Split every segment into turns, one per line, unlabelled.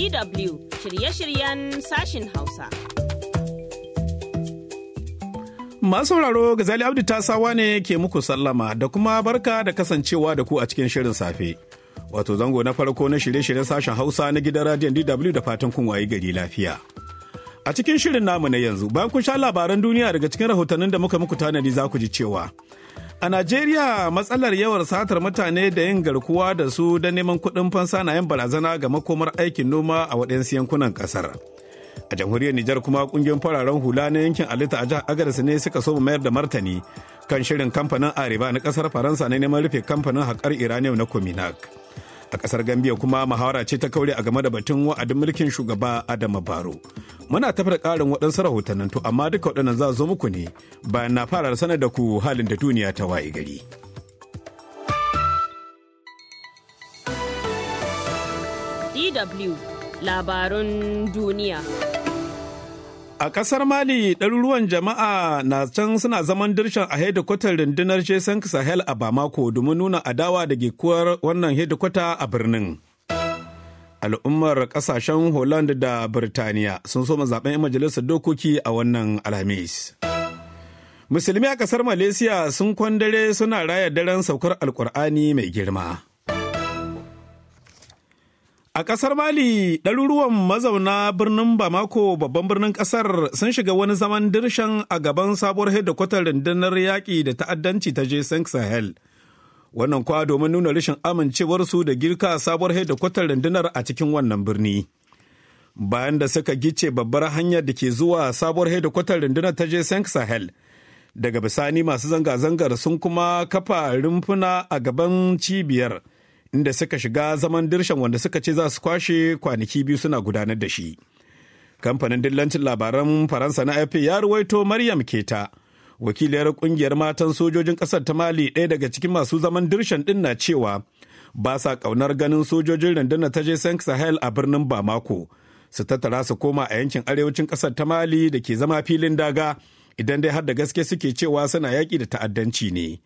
DW shirye-shiryen sashin Hausa.
Masu sauraro Gazali Abdu tasawa ne ke muku sallama da kuma barka da kasancewa da ku a cikin shirin safe. Wato zango na farko na shirye-shiryen sashen Hausa na gidan radiyon DW da fatan kun wayi gari lafiya. A cikin shirin namu na yanzu, bayan kun sha labaran duniya daga cikin rahotannin da muka muku tanadi za ku ji cewa A Najeriya matsalar yawar satar mutane da yin garkuwa da su don neman kuɗin fansa na yin barazana ga makomar aikin noma a waɗansu yankunan ƙasar. A jamhuriyar Nijar kuma ƙungiyar fararen hula na yankin Alita a jihar Agadez ne suka so mayar da martani kan shirin kamfanin Areba na ƙasar Faransa na neman rufe kamfanin haƙar Iranium na Kominak. A ƙasar Gambia kuma muhawara ce ta kaure a game da batun wa'adin mulkin shugaba Adama Baro. muna tafi karin waɗansu rahotannin to amma duka waɗannan za zo muku ne bayan na fara sanar da ku halin da duniya ta waye gari.
DW labarun duniya.
A ƙasar Mali, ɗaruruwan jama'a na can suna zaman dirshan a hedikwatar rundunar Jason Sahel a Bamako domin nuna adawa da gikuwar wannan hedikwata a birnin. al'ummar kasashen holland da birtaniya sun soma zaben 'yan majalisar dokoki a wannan alhamis musulmi a kasar malaysia sun kwandare suna raya daren saukar alkur'ani mai girma a kasar mali ɗaruruwan mazauna birnin bamako babban birnin kasar sun shiga wani zaman dirshan a gaban sabuwar hedikwatar rundunar yaƙi da ta'addanci ta je saint sahel wannan kwa domin nuna rashin amincewarsu da girka sabuwar kwatar rundunar a cikin wannan birni bayan da suka gice babbar hanyar da ke zuwa sabuwar kwatar rundunar ta je saint sahel daga bisani masu zanga-zangar sun kuma kafa rumfuna a gaban cibiyar inda suka shiga zaman dirshan wanda suka ce za su kwashe kwanaki biyu suna gudanar da shi kamfanin dillancin labaran faransa na afp ya ruwaito maryam keta wakiliyar kungiyar matan sojojin kasar ta mali ɗaya daga cikin masu zaman dirshan ɗin na cewa ba sa ƙaunar ganin sojojin rundun ta je sahel a birnin bamako su tattara su koma a yankin arewacin kasar ta mali da ke zama filin daga idan dai har da gaske suke cewa suna yaƙi da ta'addanci ne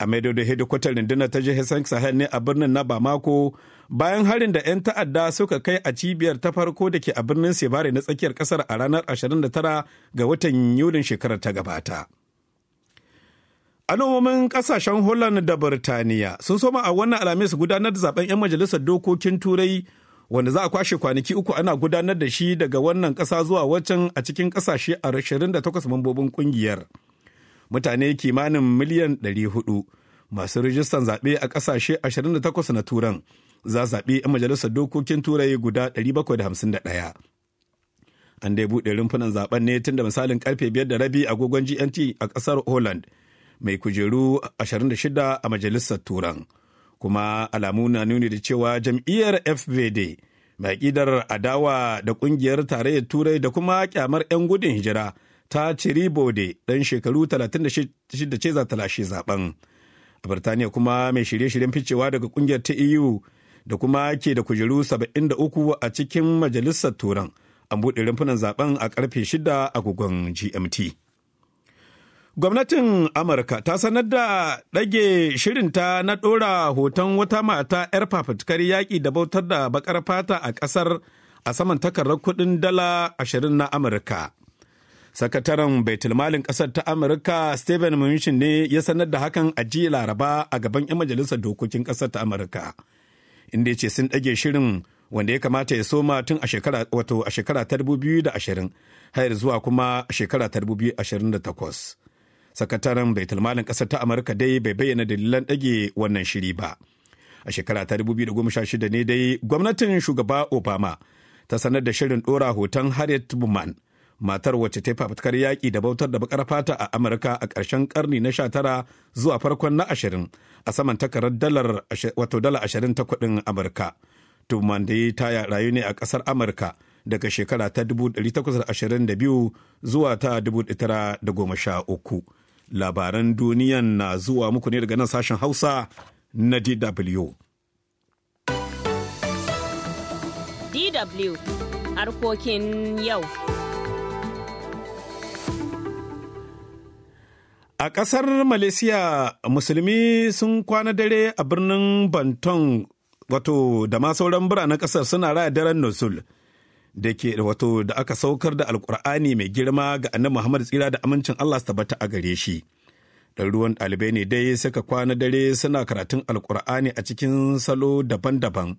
a maido da hedikwatar rundunar ta saint sahel ne a birnin na bamako bayan harin da 'yan ta'adda suka kai a cibiyar ta farko da ke a birnin sebare na tsakiyar kasar a ranar 29 ga watan yulin shekarar ta gabata. Anomomin kasashen Holland da Birtaniya sun soma a wannan alhamis gudanar da zaben 'yan majalisar dokokin Turai wanda za a kwashe kwanaki uku ana gudanar da shi daga wannan ƙasa zuwa waccan a cikin ƙasashe 28 mambobin ƙungiyar. Mutane kimanin miliyan 400 masu rijistan zaɓe a ƙasashe 28 na Turan za zaɓe 'yan majalisar dokokin Turai guda 751. An dai buɗe rumfunan zaben ne tun da misalin karfe biyar da rabi agogon GMT a ƙasar Holland. mai kujeru 26 a majalisar turan kuma alamu na nuni da cewa jam'iyyar fvd mai ƙidar adawa da ƙungiyar tarayyar turai da kuma kyamar 'yan gudun hijira ta ciri bode ɗan shekaru 36 ce za ta lashe zaben a birtaniya kuma mai shirye-shiryen ficewa daga ƙungiyar ta eu da kuma ke da kujeru 73 a cikin majalisar turan an buɗe rumfunan zaben a karfe 6 gugun gmt Gwamnatin Amurka ta sanar da ɗage shirinta na ɗora hoton wata mata 'yar fafutukar yaƙi da bautar da bakar fata a ƙasar a saman takarar kuɗin dala ashirin na Amurka. Sakataren Baitulmalin ƙasar ta Amurka Stephen Mnuchin ne ya sanar da hakan a jiya Laraba a gaban 'yan majalisa dokokin ƙasar ta Amurka. Inda ya ce sun ɗage shirin wanda ya kamata ya soma tun a shekara wato a shekara ta 2020 har zuwa kuma shekara ta 2028. sakataren baitulmalin ƙasar ta amurka dai bai bayyana dalilan ɗage wannan shiri ba a shekara ta 2016 ne dai gwamnatin shugaba obama ta sanar da shirin ɗora hoton harriet tubman matar wacce ta fafutukar yaƙi da bautar da bakar fata a amurka a ƙarshen ƙarni na 19 zuwa farkon na 20 a saman takarar dalar wato dala 20 ta kuɗin amurka tubman dai ta rayu ne a ƙasar amurka daga shekara ta 1822 zuwa ta 1913 labaran duniyan na zuwa muku ne daga nan sashen hausa na dw
dw harkokin yau
A ƙasar Malaysia, musulmi sun kwana dare a birnin Banton, wato da ma sauran biranen ƙasar suna raya daren Nusul. da ke wato da aka saukar da alkur'ani mai girma ga annabi Muhammad tsira da amincin Allah su tabbata a gare shi. Ɗaruruwan ɗalibai ne dai suka kwana dare suna karatun alkur'ani a cikin salo daban-daban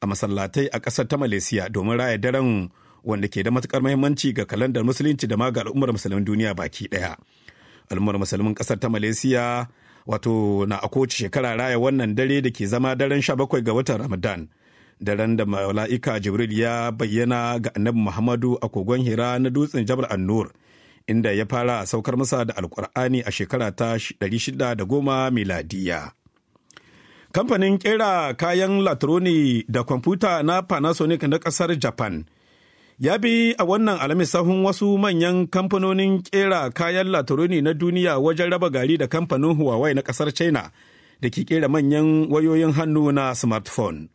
a masallatai a ƙasar ta Malaysia domin raya daren wanda ke da matukar muhimmanci ga kalandar musulunci da ma ga al'ummar musulmin duniya baki ɗaya. Al'ummar musulmin ƙasar ta Malaysia wato na a shekara raya wannan dare da ke zama daren bakwai ga watan Ramadan. daren da mala'ika jibril ya bayyana ga annabi muhammadu a kogon hira na dutsen jabal annur inda ya fara saukar masa da alkur'ani a shekara ta 610 miladiya kamfanin kera kayan latroni da kwamfuta na panasonic na kasar japan ya bi a wannan alamis sahun wasu manyan kamfanonin kera kayan latroni na duniya wajen raba gari da kamfanin huawei na kasar china da ke kera manyan wayoyin hannu na smartphone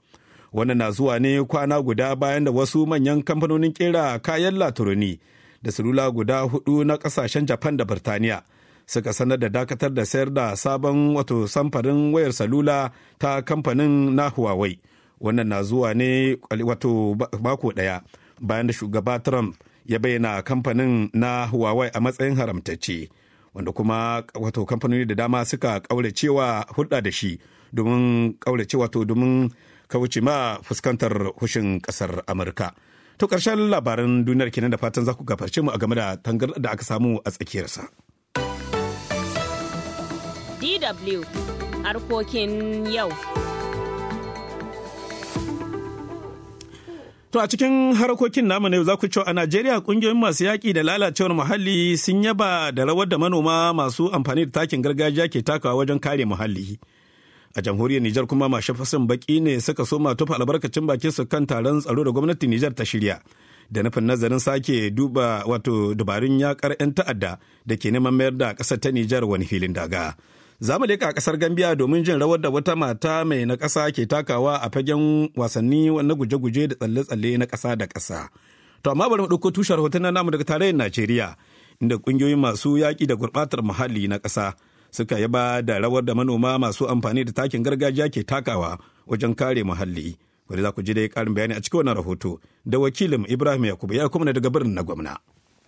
wannan na zuwa ne kwana guda bayan da wasu manyan kamfanonin kera kayan laturuni da salula guda hudu na kasashen japan da birtaniya suka sanar da dakatar da sayar da sabon wato samfarin wayar salula ta kamfanin na huawei wannan na zuwa ne wato mako daya bayan da shugaba trump ya bayyana kamfanin na huawei a matsayin haramtacce wanda kuma wato kamfanoni da dama suka kauracewa hulɗa da shi domin cewa to domin ka wuce ma fuskantar hushin kasar amurka to ƙarshen labaran duniyar kenan da fatan za ku gafarce mu a game da tangar da aka samu a tsakiyarsa
dw harkokin yau
To a cikin harkokin namu na yau za ku cewa a Najeriya ƙungiyoyin masu yaƙi da lalacewar muhalli sun yaba da rawar da manoma masu amfani da takin gargajiya ke takawa wajen kare muhalli. a jamhuriyar Nijar kuma masu fasin baki ne suka so tufa albarkacin bakin su kan taron tsaro da gwamnatin Nijar ta shirya da nufin nazarin sake duba wato dabarun yakar 'yan ta'adda da ke neman mayar da ƙasar ta Nijar wani filin daga. Za mu leƙa ƙasar Gambiya domin jin rawar da wata mata mai na ƙasa ke takawa a fagen wasanni na guje-guje da tsalle-tsalle na ƙasa da ƙasa. To amma bari mu ɗauko tushen rahoton namu daga tarayyar Najeriya inda ƙungiyoyin masu yaƙi da gurɓatar muhalli na ƙasa suka yaba da rawar da manoma masu amfani da takin gargajiya ke takawa wajen kare muhalli wani za ku ji dai karin bayani a cikin wannan rahoto da wakilin ibrahim yakubu ya kuma daga birnin na gwamna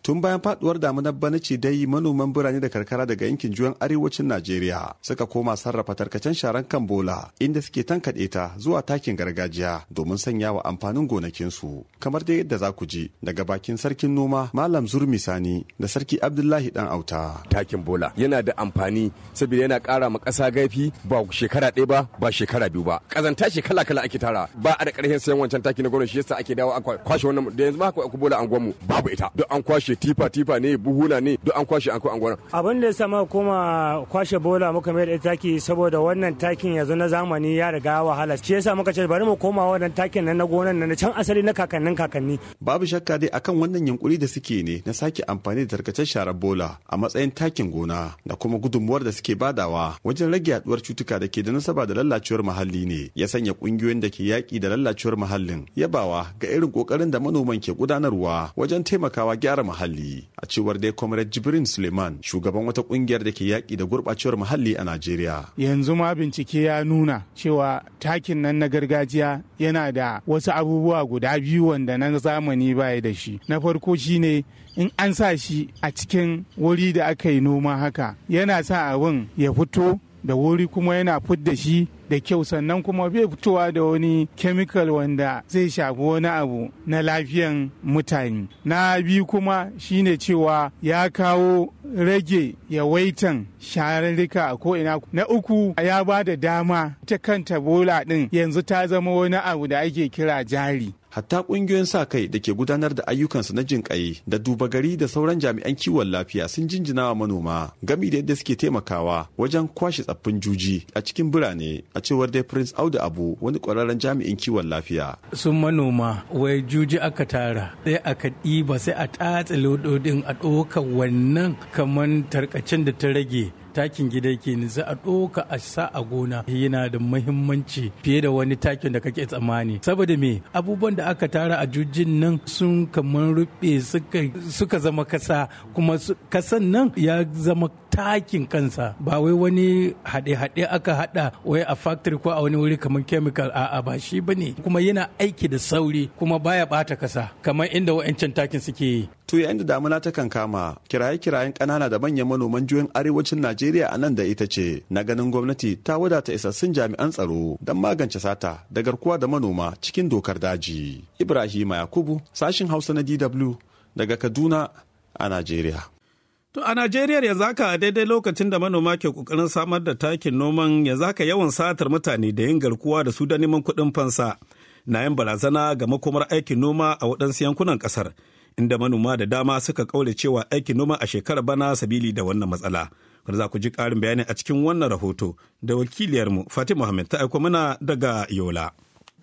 tun bayan faduwar damunar bana ce dai manoman birane da karkara daga yankin juyan arewacin najeriya suka koma sarrafa tarkacen sharan kan bola inda suke tankaɗe ta zuwa takin gargajiya domin sanya wa amfanin gonakinsu kamar dai yadda za ku ji daga bakin sarkin noma malam zurmi sani da sarki abdullahi dan auta takin bola yana da amfani saboda yana ƙara ma ƙasa gaifi ba shekara ɗaya ba ba shekara biyu ba ƙazanta shi kala kala ake tara ba a da ƙarshen sayan wancan taki na gwamnati shi yasa ake dawo a kwashe wannan da yanzu ma haka bola an gwamu babu ita don an kwashe tifa tifa ne buhuna ne duk an kwashe an an gona
abin da ya sama kuma kwashe bola muka mai da taki saboda wannan takin yanzu na zamani ya riga wahala shi yasa muka ce bari mu koma
wannan takin nan na gonan nan can asali na kakannin kakanni babu shakka dai akan wannan yunkuri da suke ne na sake amfani da tarkacen sharar bola a matsayin takin gona da kuma gudunmuwar da suke badawa wajen rage yaduwar cutuka da ke da nasaba da lallacewar muhalli ne ya sanya kungiyoyin da ke yaki da lallacewar muhallin yabawa ga irin kokarin da manoman ke gudanarwa wajen taimakawa gyara muhalli muhalli a cewar dai comrade jibrin suleiman shugaban wata kungiyar da ke yaƙi da gurɓacewar muhalli a najeriya
yanzu ma bincike ya nuna cewa takin nan na gargajiya yana da wasu abubuwa guda biyu wanda na zamani baya da shi na farko shine in an sa shi a cikin wuri da aka yi noma haka yana sa abin ya fito da wuri kuma yana fidda shi da kyau sannan kuma bai fitowa da wani chemical wanda zai shafi wani abu na lafiyan mutane na biyu kuma shine cewa ya kawo rage yawaitan shararrika a ko'ina na uku ya ba da dama ta kanta bola ɗin yanzu ta zama wani abu da
ake kira jari hatta kungiyoyin sa kai da ke gudanar da ayyukansu na jin da duba gari da sauran jami'an kiwon lafiya sun jinjina wa manoma gami da yadda suke taimakawa wajen kwashe tsaffin juji a cikin birane a cewar dai prince audu abu wani kwararren jami'in kiwon lafiya
sun manoma wai juji aka tara sai aka ɗiba sai a tatse lododin a ɗaukar wannan kamar tarkacen da ta rage takin gida yake ne za a ɗoka a sa a gona yana da muhimmanci fiye da wani takin da kake tsammani saboda me abubuwan da aka tara a jujin nan sun kamar rufe suka zama kasa kuma kasan nan ya zama takin kansa ba wai wani haɗe-haɗe aka haɗa wai a factory ko a wani wuri kamar chemical a ba shi ba ne kuma yana aiki da sauri kuma baya bata kasa kamar inda wa'ancan takin suke
yi. to yayin da damuna ta kan kama kiraye-kirayen ƙanana da manyan manoman juyin arewacin najeriya najeriya a nan da ita ce na ganin gwamnati ta wadata isassun jami'an tsaro don magance sata da garkuwa da manoma cikin dokar daji ibrahim yakubu sashin hausa na dw daga kaduna a najeriya
To a Najeriya yanzu haka a daidai lokacin da manoma ke kokarin samar da takin noman yanzu haka yawan satar mutane da yin garkuwa da su da neman kuɗin fansa na yin barazana ga makomar aikin noma a waɗansu yankunan ƙasar. inda manoma da dama suka kaule cewa aikin noma a shekarar bana sabili da wannan matsala. Kada za ku ji ƙarin bayani a cikin wannan rahoto da wakiliyarmu Fatima Muhammad ta aiko mana daga Yola.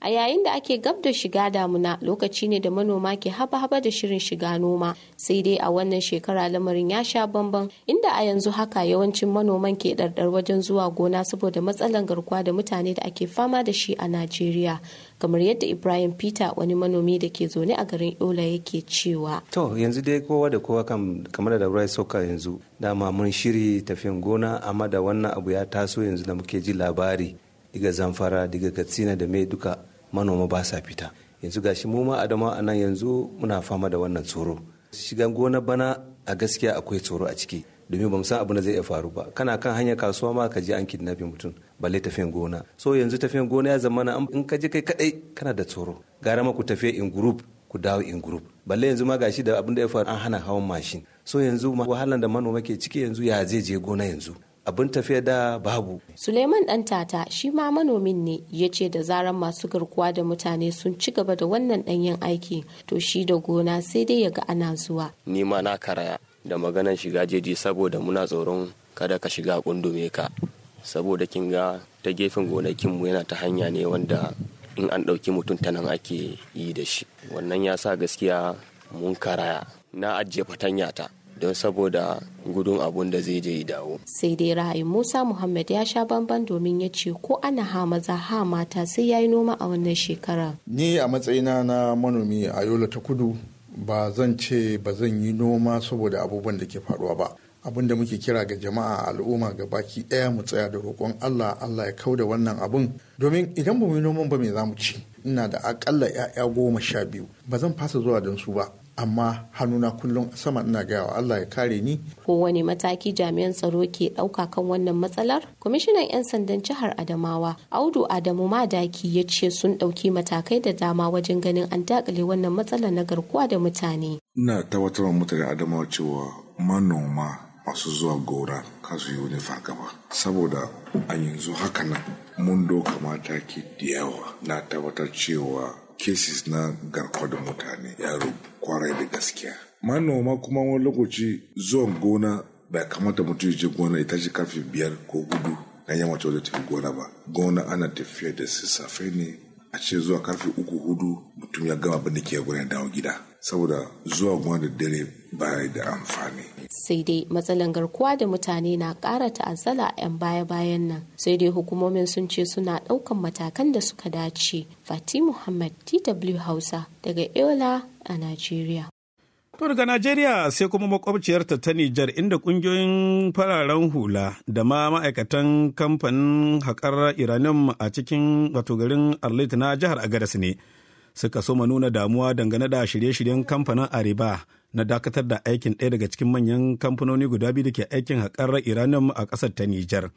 a yayin da ake gab da shiga damuna lokaci ne da manoma ke haba-haba da shirin shiga noma sai dai a wannan shekara lamarin ya sha bamban inda a yanzu haka yawancin manoman ke ɗarɗar wajen zuwa gona saboda matsalan garkuwa da mutane da ake fama da shi a najeriya kamar yadda ibrahim peter wani manomi da ke zaune a garin yola yake cewa to yanzu dai kowa
da kowa kamar da ruwa soka yanzu dama mun shiri tafiyan gona amma da wannan abu ya taso yanzu da muke ji labari diga zamfara diga katsina da mai duka manoma ba sa fita yanzu gashi mu ma adama a nan yanzu muna fama da wannan tsoro shigan gona bana a gaskiya akwai tsoro a ciki domin ba san abin da zai iya faru ba kana kan hanyar kasuwa ma ka je an kidnapping mutum balle tafiyan gona
so yanzu tafiyan gona ya zama na in ka je kai kadai kana
da tsoro gara ma ku tafiya in group ku dawo in group balle yanzu ma gashi da abin da ya faru an hana hawan mashin so yanzu ma wahalan da manoma ke ciki yanzu ya zai je gona yanzu abin tafiya da babu.
Suleiman ɗan tata shi ma manomin ne ya ce da zaran masu garkuwa da mutane sun ci gaba da wannan ɗanyen aiki to shi da gona sai dai ya ga ana zuwa.
Ni ma na karaya da maganar shiga jeji saboda muna tsoron kada ka shiga kundume ka saboda kin ga ta gefen gonakinmu yana ta hanya ne wanda in an ɗauki mutum ta nan ake yi da shi wannan ya sa gaskiya mun karaya na ajiye fatanya ta don saboda gudun abun da zai je dawo.
Sai dai rahayi Musa Muhammad ya sha bamban domin ya ce ko ana ha maza ha mata sai ya yi noma a wannan shekara.
Ni a matsayina na manomi a Yola ta Kudu ba zan ce ba zan yi noma saboda abubuwan da ke faruwa ba abin da muke kira ga jama'a al'umma ga baki ɗaya mu tsaya da roƙon Allah Allah ya kau da wannan abun. domin idan ba mu yi noman ba me za mu ci ina da akalla 'ya'ya goma sha biyu ba zan fasa zuwa don su ba amma hannuna kullum sama ina gaya wa Allah ya
kare ni. Kowane mataki jami'an tsaro ke ɗauka kan wannan matsalar? Kwamishinan 'yan sandan jihar Adamawa Audu Adamu Madaki ya ce sun ɗauki matakai da dama wajen ganin an dakile wannan matsalar na garkuwa da mutane.
Ina tabbatar mutane Adamawa cewa manoma masu zuwa gora kasu yi wani fargaba saboda a yanzu haka nan mun doka mataki da yawa na tabbatar cewa cases na garkuwa da mutane ya kwarai da gaskiya manoma kuma wani lokaci zuwan gona bai kamata mutum ya je gona ita ce karfe biyar ko gudu na yamma da tafi gona ba gona ana tafiya da sassafe ne a ce zuwa karfe uku hudu mutum ya gama abin da ke gudanar dawo gida saboda zuwa da dare baya da amfani.
Sai dai matsalan garkuwa da mutane na ƙara ta'azzala 'yan baya-bayan nan sai dai hukumomin sun ce suna ɗaukan matakan da suka dace. Fati Muhammad TW Hausa daga Eola a Najeriya.
To daga Najeriya sai kuma makwabciyarta ta Nijar inda kungiyoyin fararen hula da ma ma'aikatan kamfanin haƙar Iranium a cikin wato garin Arlit na jihar Agadas ne suka so ma nuna damuwa dangane da shirye-shiryen kamfanin Ariba na dakatar da aikin ɗaya daga cikin manyan kamfanoni guda biyu da ke aikin haƙar Iranium a ƙasar ta Nijar.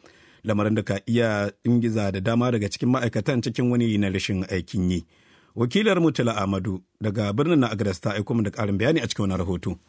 Lamarin da ka iya ingiza da dama daga cikin ma'aikatan cikin wani na rashin aikin yi. wakilar tala amadu daga birnin na agres ta kuma da karin bayani a cikin wani rahoto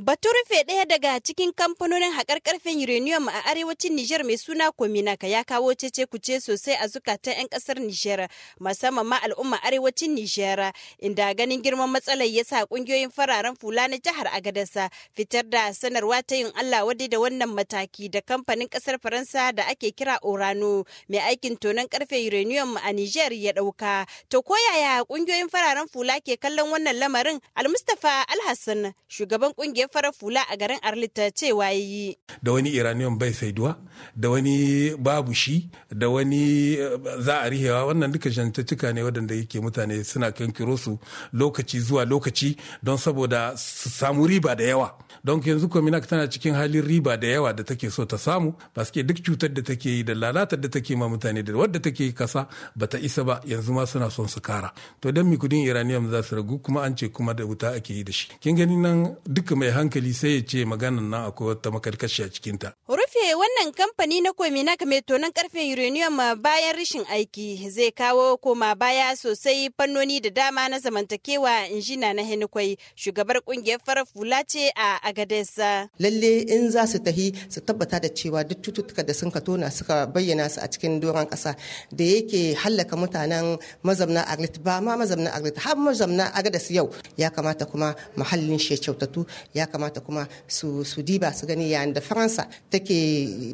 Batu rufe ɗaya daga cikin kamfanonin haƙar ƙarfen uranium a arewacin Nijar mai suna Kominaka ya kawo cece kuce sosai a zukatan 'yan ƙasar Nijar, musamman ma al'umma arewacin Nijar, inda ganin girman matsalar ya sa ƙungiyoyin fararen fula na jihar Agadasa fitar da sanarwa ta yin Allah wadai da wannan mataki da kamfanin ƙasar Faransa da ake kira Orano mai aikin tonon ƙarfe uranium a Nijar ya ɗauka. To ko yaya ƙungiyoyin fararen fula ke kallon wannan lamarin? Al-Mustapha Alhassan, shugaban ƙungiyar dai farar fula a garin Arlita cewa yi.
Da wani Iraniyan bai saiduwa, da wani babu shi, da wani eh, za a rihewa wannan duka jantattuka ne waɗanda yake mutane suna kankiro su lokaci zuwa lokaci don saboda su samu riba da yawa. Don yanzu Kominak tana cikin halin riba da yawa da take so ta samu, ba duk cutar da take yi da lalatar da take ma mutane da wadda take kasa ba ta isa ba yanzu ma suna son su kara. To don mi kudin Iraniyan za su ragu kuma an ce kuma da wuta ake yi da shi. Kin gani nan duka mai hankali sai ya ce maganan nan akwai wata makarkashi a cikinta.
Rufe wannan kamfani na Kominak mai tonon karfe uranium uh, bayan rashin aiki zai kawo koma baya sosai fannoni da dama na zamantakewa injina na Henikwai shugabar kungiyar farar fula ce a agadesa. Lalle in za su tahi su tabbata da cewa duk cututtuka da sun ka tona suka bayyana su a cikin doron kasa da yake hallaka mutanen mazamna Aglit ba ma mazamna Aglit har mazamna agadas yau ya kamata kuma muhallin shi kyautatu ya kamata kuma su su diba su gani yayin da faransa take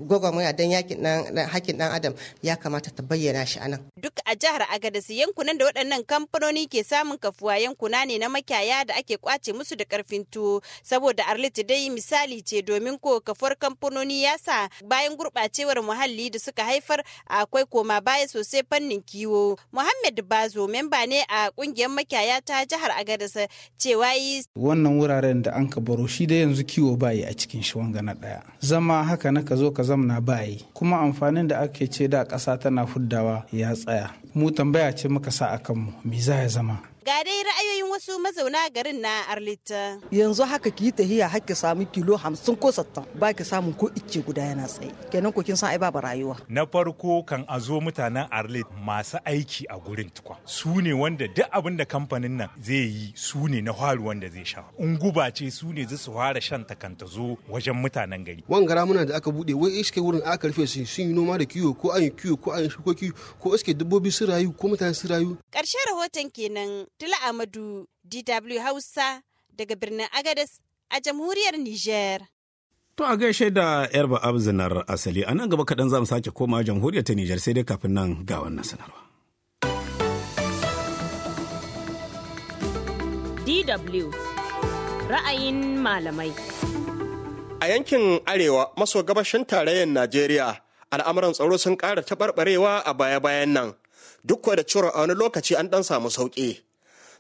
gwagwarmaya don yakin dan hakin dan adam ya kamata ta bayyana shi anan duk a jihar agadez yankunan da waɗannan kamfanoni ke samun kafuwa yankuna ne na makiyaya da ake kwace musu da karfin tuwo saboda arlit dai misali ce domin ko kafuwar kamfanoni ya sa bayan gurɓacewar muhalli da suka haifar akwai koma baya sosai fannin kiwo muhammad bazo memba ne a ƙungiyar makiyaya ta jihar agadez cewa yi
wannan wuraren da an ka baro shi da yanzu kiwo bayi a cikin shi wanga na daya zama haka na ka zo ka zamna bayi kuma amfanin da ake ce da ƙasa tana fuddawa ya tsaya mu tambaya ce muka sa a kanmu me za ya
zama Ga dai ra'ayoyin wasu mazauna garin na Arlita. Yanzu haka ki tahiya har ki samu kilo hamsin ko 60 ba ki samun ko icce guda yana tsaye. Kenan ko kin san ai babu rayuwa.
Na farko kan azo zo mutanen Arlit masu aiki a gurin tukwa. Su ne wanda duk abin da kamfanin nan zai yi su ne na faru wanda zai sha. In guba ce su
ne zai su fara
shan
takanta zo wajen mutanen gari.
Wangara muna da aka bude wai iske wurin aka rufe su sun yi noma da kiwo ko an yi kiwo ko an yi shukoki ko iske dabbobi su rayu ko mutane su rayu.
Ƙarshen rahoton kenan. Tula Amadu, DW Hausa daga birnin Agadez a jamhuriyar Nijar.
To a gaishe da yar ba'abzinar asali a nan gaba kaɗan za mu sake koma jamhuriyar ta Nijar sai dai kafin nan ga wannan sanarwa.
DW ra'ayin malamai.
A yankin Arewa maso gabashin tarayyar Najeriya al'amuran tsaro sun ƙara taɓarɓarewa a baya-bayan nan duk da cewa a wani lokaci an ɗan samu sauƙi.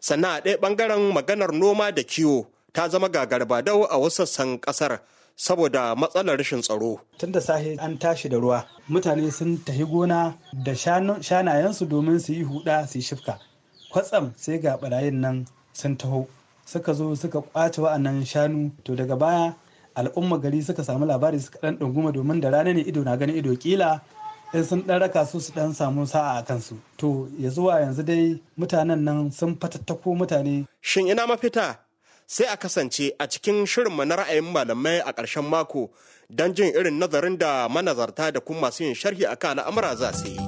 sannan a ɗaya ɓangaren maganar noma da kiwo ta zama gagarbadau a wasu sassan ƙasar saboda matsalar rashin tsaro.
Tun da sahi an tashi da ruwa, mutane
sun tafi gona da shanayensu domin su yi huda su yi shifka. Kwatsam sai ga barayin nan sun taho, suka zo suka kwace wa'annan shanu to daga baya al'umma gari suka samu labari suka ɗan ɗunguma domin da rana ne ido na gani ido kila in sun ɗan raka su su ɗan samu sa'a a kansu to ya zuwa yanzu dai mutanen nan
sun fatattako mutane
shin ina mafita sai a kasance a cikin shirinmu na ra'ayin malamai a ƙarshen mako don jin irin nazarin da manazarta da kuma masu yin sharhi a akan al'amura za su yi.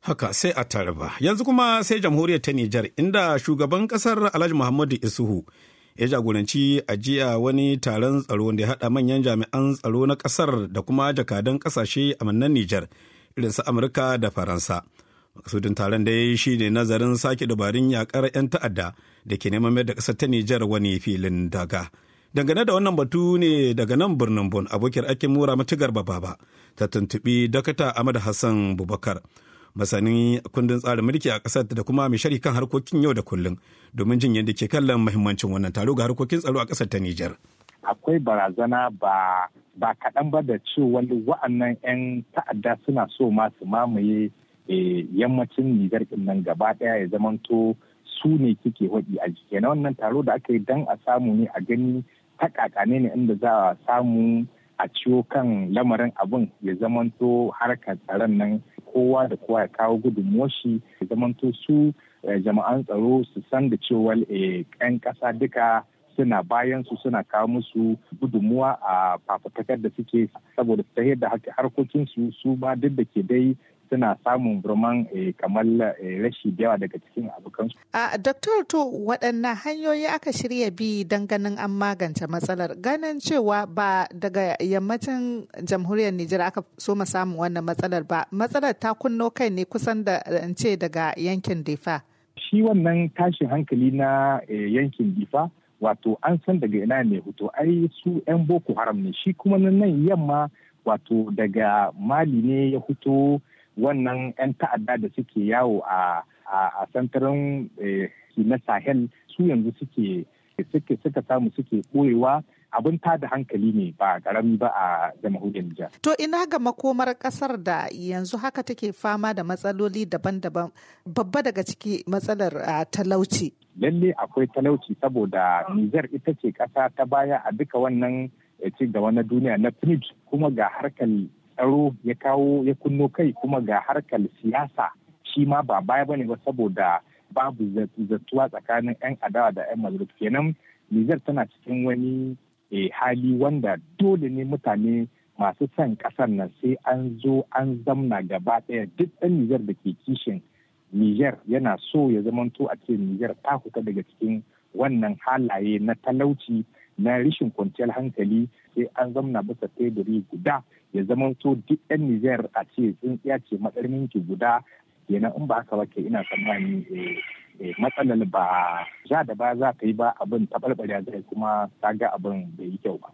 Haka sai a tarba. Yanzu kuma sai jamhuriyar ta Nijar inda shugaban ƙasar Alhaji Muhammadu Isuhu ya jagoranci ajiya wani taron tsaro da ya haɗa manyan jami'an tsaro na ƙasar da kuma jakadan ƙasashe a mannan Nijar irin su Amurka da Faransa. Maksudin taron da ya yi shi ne nazarin sake dabarun yakar 'yan ta'adda da ke neman mayar da ƙasar ta Nijar wani filin daga. Dangane da wannan batu ne daga nan birnin Bon abokin aikin Mura Matigar bababa ta tuntuɓi Dakata Ahmad Hassan Bubakar. masanin kundin tsarin mulki a ƙasar da kuma mai shari kan harkokin yau da kullum domin jin yadda ke kallon muhimmancin wannan taro ga harkokin tsaro a ƙasar ta Nijar.
Akwai barazana ba ba kaɗan ba da cewa wa'annan 'yan ta'adda suna so ma su mamaye eh, yammacin Nijar nan gaba ɗaya ya zamanto su ne kike waɗi a jiki. Na wannan taro da aka yi dan a samu ne a gani ta ne inda za a samu a ciwo kan lamarin abin ya zamanto harkar tsaron nan kowa da kowa ya kawo gudun shi ya zamanto su eh, jama'an tsaro su san da cewa yan eh, ƙasa duka suna bayan su suna kawo musu gudunmuwa a fafatakar da suke saboda su da harkokinsu su su ba duk da ke dai suna samun burman eh, kamar eh, rashi da yawa daga cikin abokansu.
A Dr. To waɗannan hanyoyi aka shirya bi don ganin an magance matsalar ganin cewa ba daga yammacin jamhuriyar Nijar aka soma samun wannan matsalar ba matsalar ta kunno kai ne kusan da ce daga yankin Difa.
Shi wannan tashin hankali na eh, yankin Difa wato an san daga ina ne hoto ai su 'yan Boko Haram ne shi kuma nan yamma wato daga Mali ne ya fito wannan 'yan ta'adda da suke yawo a santarin eh, na sahel su yanzu suke suka samu suke ɓoyewa abin ta da hankali ne ba karami ba a jamhuriyar Nijar.
To ina ga makomar kasar da yanzu haka take fama da matsaloli daban-daban babba daga ciki matsalar
talauci. Lalle akwai talauci saboda Nijar ita ce ƙasa ta baya a duka wannan eh, ci gaba na duniya na PNUD kuma ga harkar tsaro ya kawo ya kunno kai kuma ga harkar siyasa shi ma ba baya bane ba saboda babu zattuwa tsakanin 'yan adawa da 'yan majalis kenan Nijar tana cikin wani eh, hali wanda dole ne mutane masu son kasar nan sai an zo an zamna gaba ɗaya duk ɗan Nijar da ke kishin Nijar yana so ya zamanto a ce Nijar ta fita daga cikin wannan halaye na talauci na rashin kwanciyar hankali sai an zamna bisa teburi guda ya zama to duk 'yan Nijar a ce tsintsiya ce matsarnin ki guda kenan in ba haka ba ke ina tsammani eh, eh, matsalar ba za da ba za ka yi ba abin taɓarɓare zai kuma ta ga abin bai yi kyau ba.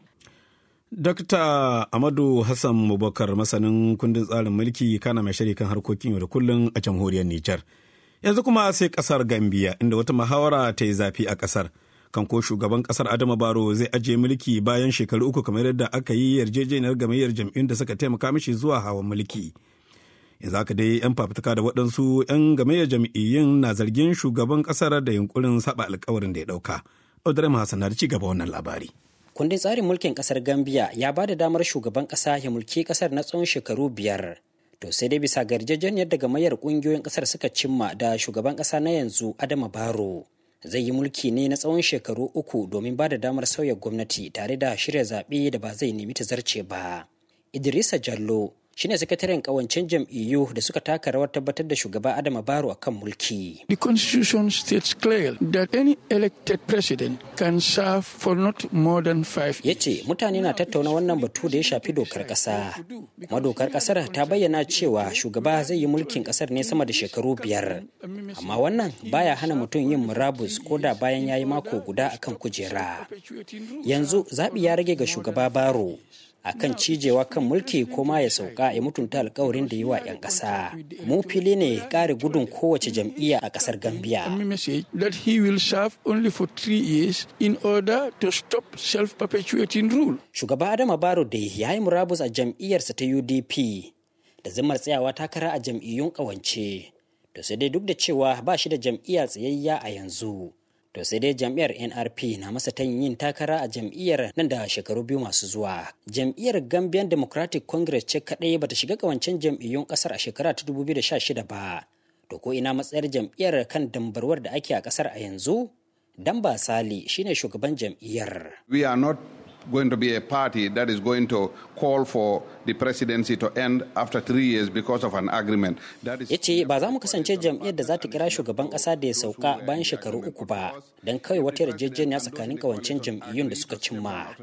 Dokta Amadu Hassan Mubakar masanin kundin tsarin mulki kana mai shari kan harkokin yau da kullum a jamhuriyar Nijar. Yanzu kuma sai kasar Gambiya inda wata muhawara ta yi zafi a ƙasar. kan ko shugaban kasar adama baro zai ajiye mulki bayan shekaru uku kamar yadda aka yi yarjejeniyar gamayyar jam'in da suka taimaka mishi zuwa hawan mulki yanzu haka dai yan fafutuka da waɗansu yan gamayyar jam'iyyun na zargin shugaban kasar da yunkurin saba alkawarin da ya ɗauka Audrey Mahasan na ci gaba
wannan labari. Kundin tsarin mulkin kasar Gambia ya ba da damar shugaban kasa ya mulki kasar na tsawon shekaru biyar. To sai dai bisa ga yadda da gamayyar kungiyoyin kasar suka cimma da shugaban kasa na yanzu Adama Baro. zai yi mulki ne na tsawon shekaru uku domin ba da damar sauya gwamnati tare da shirya zaɓe da ba zai nemi ta zarce ba. Idrisa Jallo shine sakataren kawancin jam'iyyu da suka taka rawar tabbatar da shugaba Adama Baro a kan mulki. The constitution states clearly that any elected president can serve for not more than five years. Yace mutane na tattauna wannan batu da ya shafi dokar kasa. dokar kasar ta bayyana cewa shugaba zai yi mulkin kasar ne sama da shekaru biyar. Amma wannan baya hana mutum yin murabus ko da bayan ya yi mako guda akan kujera. Yanzu zaɓi ya rage ga shugaba Baro akan cijewa kan mulki ko ma ya sauka ya mutunta alkawarin da yi wa 'yan ƙasa. Mu fili ne kare gudun kowace jam'iyya a ƙasar Gambia. Shugaba Adama Baro da ya yi murabus a jam'iyyarsa ta UDP da zimmar tsayawa takara a jam'iyyun ƙawance. Da sai dai duk da cewa ba shi da jam'iyya tsayayya a yanzu. to sai dai jam'iyyar nrp na masa ta yin takara a jam'iyyar nan da shekaru biyu masu zuwa jam'iyyar gambian democratic congress ce kadai bata shiga kawancen jam'iyyun kasar a shekara ta 2016 ba to ko ina matsayar jam'iyyar kan dambarwar da ake a kasar a yanzu ba sali shine shugaban jam'iyyar
we are not going to be a party that is going to call for the presidency to end after three years because of an agreement.
Ya ce ba za mu kasance jam'iyyar da za ta kira shugaban ƙasa da ya sauka bayan shekaru uku ba don kawai wata yarjejeniya tsakanin kawancin jam'iyyun da suka cimma.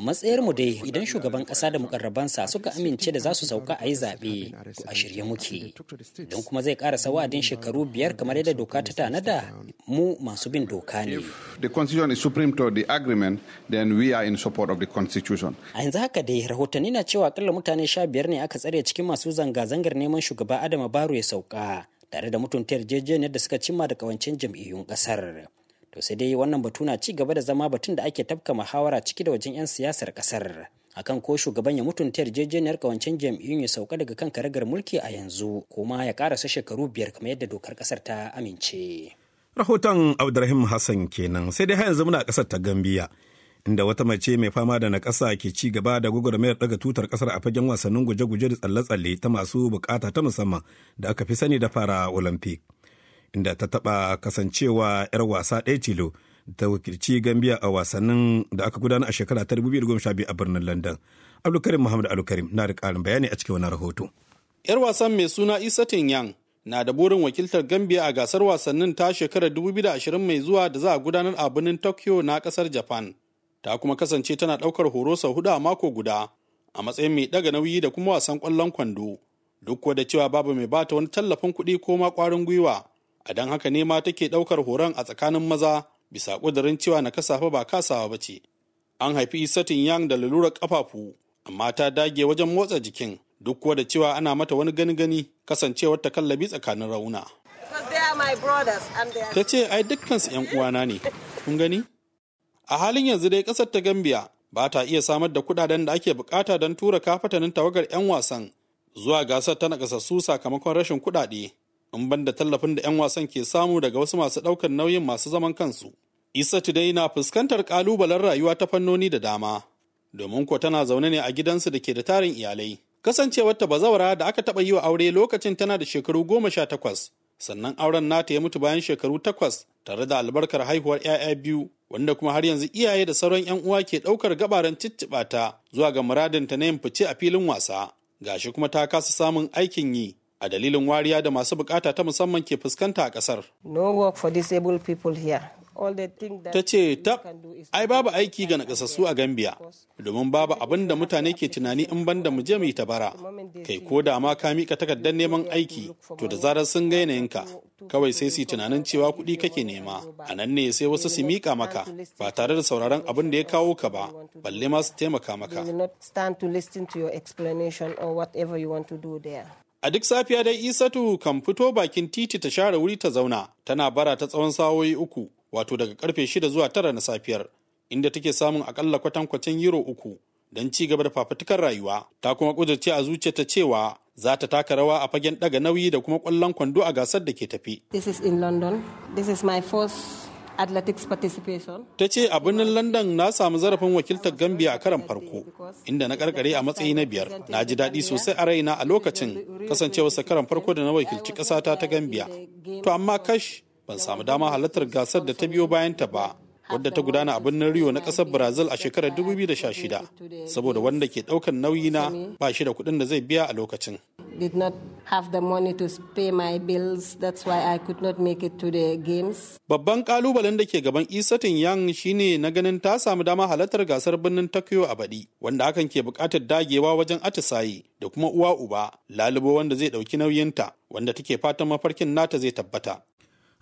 Matsayar mu dai idan shugaban ƙasa da mukarrabansa suka amince da za su sauka a yi zaɓe to a shirye muke. Don kuma zai ƙarasa wa'adin shekaru biyar kamar yadda doka ta tanada mu masu bin doka ne. the constitution is supreme to the agreement
then we are in support of the constitution.
A yanzu haka dai rahotanni na cewa akalla mutane sha biyar ne aka tsare cikin masu zanga-zangar neman shugaba Adama Baro ya sauka tare da mutunta yarjejeniyar da suka cimma da kawancin jam'iyyun kasar. To sai dai wannan batu na ci gaba da zama batun da ake tafka muhawara ciki da wajen 'yan siyasar kasar. akan ko shugaban ya mutunta yarjejeniyar kawancin jam'iyyun ya sauka daga kan karagar mulki a yanzu kuma ya karasa shekaru biyar kamar yadda dokar kasar ta amince.
Rahoton Abdulrahim Hassan kenan sai dai har yanzu muna kasar ta Gambiya. inda wata mace mai fama da nakasa ke ci gaba da gwagwarmayar daga tutar kasar a fagen wasannin guje-guje da tsalle-tsalle ta masu bukata ta musamman da aka fi sani da fara olympic inda ta taba kasancewa 'yar wasa ɗaya tilo ta wakilci gambia a wasannin da aka gudana a shekara ta 2012 a birnin london abdulkarim muhammad alukarim na da karin bayani a cikin wani rahoto
'yar wasan mai suna isa tinyan na da burin wakiltar gambia a gasar wasannin ta shekarar 2020 mai zuwa da za a gudanar a birnin tokyo na kasar japan ta kuma kasance tana ɗaukar horo sau hudu a mako guda a matsayin mai ɗaga nauyi da kuma wasan ƙwallon kwando duk da cewa babu mai bata wani tallafin kuɗi ko ma ƙwarin gwiwa a don haka ne ma take ɗaukar horon a tsakanin maza bisa ƙudurin cewa na kasafa ba kasawa ba ce an haifi isatin yang da lalurar ƙafafu amma ta dage wajen motsa jikin duk kuwa da cewa ana mata wani gani-gani kasancewar ta kallabi tsakanin rauna ta ce ai dukkansu 'yan uwana ne kun gani a halin yanzu dai ƙasar ta gambia ba ta iya samar da kuɗaɗen da ake bukata don tura kafatanin tawagar 'yan wasan zuwa gasar ta nakasassu sakamakon rashin kuɗaɗe, in ban da tallafin da 'yan wasan ke samu daga wasu masu daukar nauyin masu zaman kansu isa today na fuskantar kalubalen rayuwa ta fannoni da dama domin ko tana zaune ne a gidansu da ke da tarin iyalai kasancewar ta bazawara da aka taɓa yi wa aure lokacin tana da shekaru goma sha takwas sannan auren nata ya mutu bayan shekaru takwas tare da albarkar haihuwar 'ya'ya biyu wanda kuma har yanzu iyaye da sauran 'yan uwa ke ɗaukar gabaran cicciɓa zuwa ga muradinta na yin fice a filin wasa gashi kuma ta kasa samun aikin yi a dalilin wariya da masu bukata ta musamman ke fuskanta a kasar.
No work for disabled people here. Ta
ce tab, ai babu aiki ga nakasassu a Gambia, domin babu abin da mutane ke tunani in banda mu je mu yi bara Kai ko da ma ka mika takardar neman aiki, to da zarar sun ga yanayinka, kawai sai su tunanin cewa kuɗi kake nema, a nan ne sai wasu su mika maka, ba tare da sauraron abin da ya kawo ka ba, balle ma su taimaka maka. A duk safiya dai Isatu kan fito bakin titi ta share wuri ta zauna, tana bara ta tsawon sawoyi uku, wato daga karfe shida zuwa tara na safiyar, inda take samun akalla kwatankwacin euro uku don ci gaba da fafutukar rayuwa. Ta kuma kudurce a ta cewa za ta taka rawa a fagen daga nauyi da kuma kwallon kwando a gasar da ke tafi.
This is in London. This is my first athletics participation.
Ta ce a birnin London na samu zarafin wakiltar Gambia a karan farko, inda na karkare a matsayi na biyar. Na ji daɗi sosai a raina a lokacin kasancewarsa karan farko da na wakilci ƙasata ta Gambia. To amma kash ban samu dama halartar gasar da ta biyo bayan ta ba. wadda ta gudana a birnin rio na kasar brazil a shekarar 2016 saboda wanda ke daukan nauyi na ba shi da kuɗin da zai biya a lokacin
did not have the money my bills that's I could not make it games.
Babban kalubalen da ke gaban Isatin Yang shine na ganin ta samu dama halartar gasar birnin Tokyo a baɗi wanda hakan ke buƙatar dagewa wajen atisaye da kuma uwa uba lalubo wanda zai ɗauki nauyinta wanda take fatan mafarkin nata zai tabbata.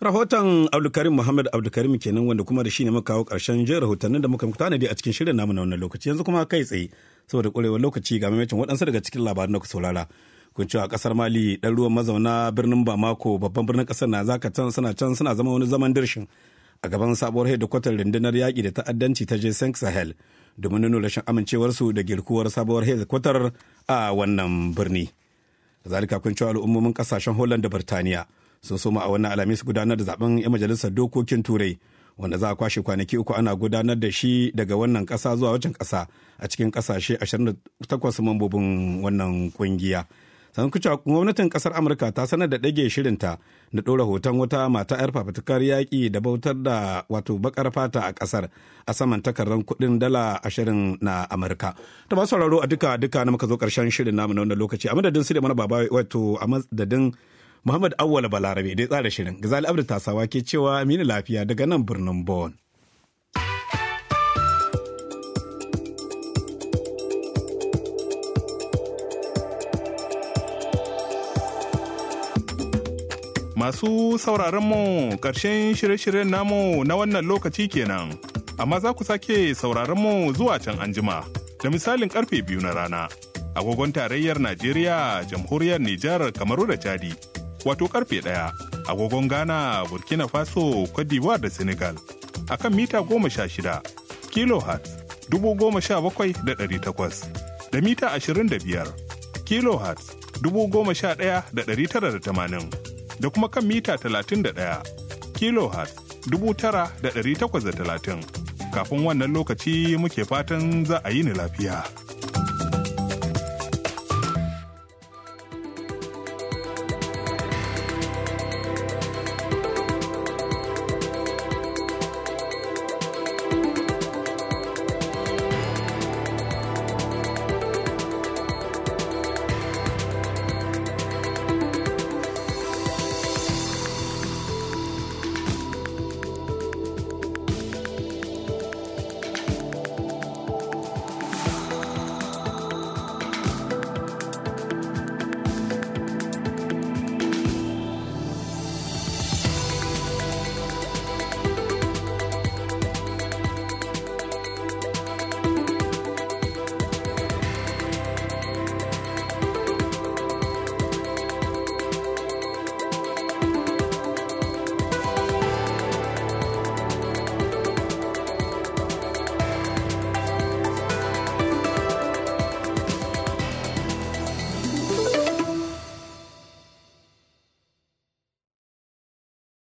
Rahoton Abdulkarim Muhammad Abdulkarim kenan wanda kuma da shi ne muka kawo ƙarshen jin rahotannin da muka tanadi a cikin shirin namu na wannan lokaci yanzu kuma kai tsaye saboda ƙwarewar lokaci ga mamacin waɗansu daga cikin labarin da ku saurara. Kun a ƙasar Mali ɗan ruwan mazauna birnin Bamako babban birnin ƙasar na zaka can suna can suna zama wani zaman dirshin a gaban sabuwar hedikwatar rundunar yaƙi da ta'addanci ta je sank Sahel domin nuna rashin amincewarsu da girkuwar sabuwar hedikwatar a wannan birni. Zalika kun al'ummomin ƙasashen Holland da Birtaniya. sun soma a wannan alhamis gudanar da zaben 'yan majalisar dokokin turai wanda za a kwashe kwanaki uku ana gudanar da shi daga wannan kasa zuwa wajen kasa a cikin kasashe 28 mambobin wannan kungiya. sanin kucewa gwamnatin kasar amurka ta sanar da ɗage shirinta da ɗora hoton wata mata 'yar fafatukar yaƙi da bautar da wato bakar fata a kasar a saman takardar kuɗin dala ashirin na amurka ta masu sauraro a duka duka na muka zo karshen shirin namu na wannan lokaci a madadin su da mana baba wato a madadin Muhammad Awwal Balarabe da ya tsara shirin. Gazali Abdu Tasawa ke cewa Aminu lafiya daga nan birnin Bon. Masu sauraron mu ƙarshen shirye-shiryen namu na wannan lokaci kenan, amma za ku sake sauraron mu zuwa can anjima da misalin karfe biyu na rana. Agogon tarayyar Najeriya, jamhuriyar Nijar, Kamaru da Chadi. wato karfe ɗaya agogon Ghana, Burkina Faso, Cote d'Ivoire da Senegal a kan mita goma sha shida kilohertz dubu goma sha bakwai da ɗari takwas da mita ashirin da biyar kilohertz dubu goma sha ɗaya da ɗari tara da tamanin da kuma kan mita talatin da ɗaya kilohertz dubu tara da ɗari takwas da talatin kafin wannan lokaci muke fatan za a yi ni lafiya.